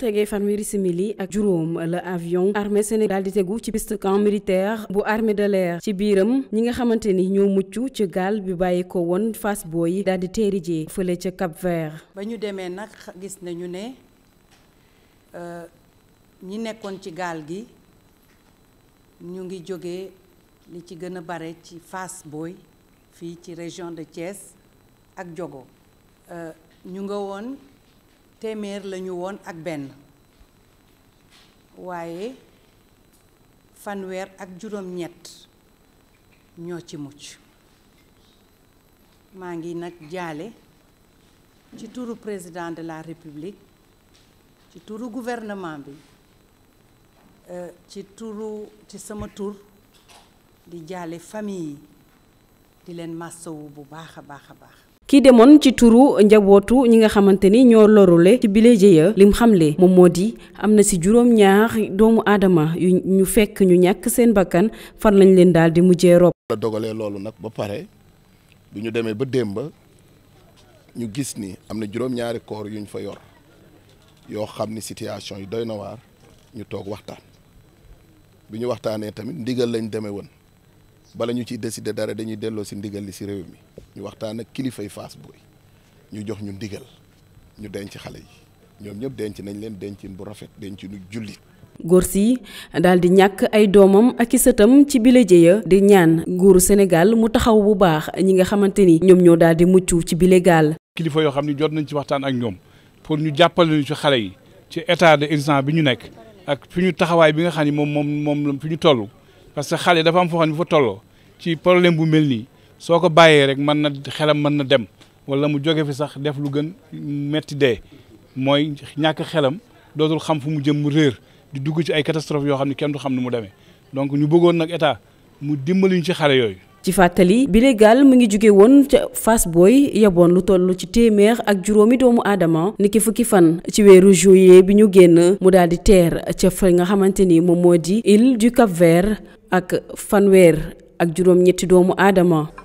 tegee fanweeri simili ak juróom la avion armée Sénégal di tegu ci piste camp militaire bu armée de l'air ci biiram ñi nga xamante ni ñoo mucc ci gaal bi bàyyi ko woon Fass Boye daal di teeri jee fële ca Cap Vert. ba ñu demee nag gis nañu ne euh, ñi nekkoon ci gaal gi ñu ngi jógee li ci gën a bare ci Fass Boye fii ci région de Thiès ak Diogo euh, ñu nga woon téeméer lañu woon ak benn waaye fanweer ak juróom-ñett ñoo ci mucc maa ngi nag jaale ci turu président de la république ci turu gouvernement bi euh, ci turu ci sama tur di jaale famille yi di leen màssawu bu baax a baax a baax. kii demoon ci turu njabootu ñi nga xamante ni ñoo lorule ci bile jëya lim xamle moom moo di am na si juróom-ñaar doomu aadama yu ñu fekk ñu ñàkk seen bakkan fan lañ leen daal di mujjee rob. la dogalee loolu nag ba pare bi ñu demee ba démb ñu gis ni am na juróom-ñaari koor fa yor yoo xam ni situation yi doy na waar ñu toog waxtaan bi ñu waxtaanee tamit ndigal lañ demee woon. bala ñu ciy de dara dañuy delloo si ndigal li si réew mi ñu waxtaan ak kilifay Fass Boye ñu jox ñu ndigal ñu denc xale yi ñoom ñëpp denc nañ leen dencin bu rafet dencinu jullit. góor si daal di ñàkk ay doomam ak i sëtam ci bile jéeya di ñaan nguuru Sénégal mu taxaw bu baax ñi nga xamante ni ñoom ñoo daal di mucc ci bile gaal. kilifa yoo xam ne jot nañ ci waxtaan ak ñoom pour ñu jàppale ñu ci xale yi ci état d'urgence bi ñu nekk ak fi ñu taxawaay bi nga xam ne moom moom moom fi ñu toll. parce que xale dafa am foo xam ne bu fa tolloo ci problème bu mel nii soo ko bàyyee rek mën na xelam mën na dem wala mu jóge fi sax def lu gën metti dee mooy ñàkk xelam dootul xam fu mu jëm mu réer di dugg ci ay catastrophe yoo xam ne kenn du xam ni mu demee donc ñu bëggoon nag état mu dimbali ñu ci xale yooyu. ci fàttali bile gaal mu ngi jóge woon ca Fass Boy yeboon lu toll ci téeméer ak juróomi doomu aadama ki fukki fan ci weeru juillet bi ñu génn mu daal di teer ca fa nga xamante ni moom moo di île du Cap-Vert ak fanweer ak juróom-ñetti doomu aadama.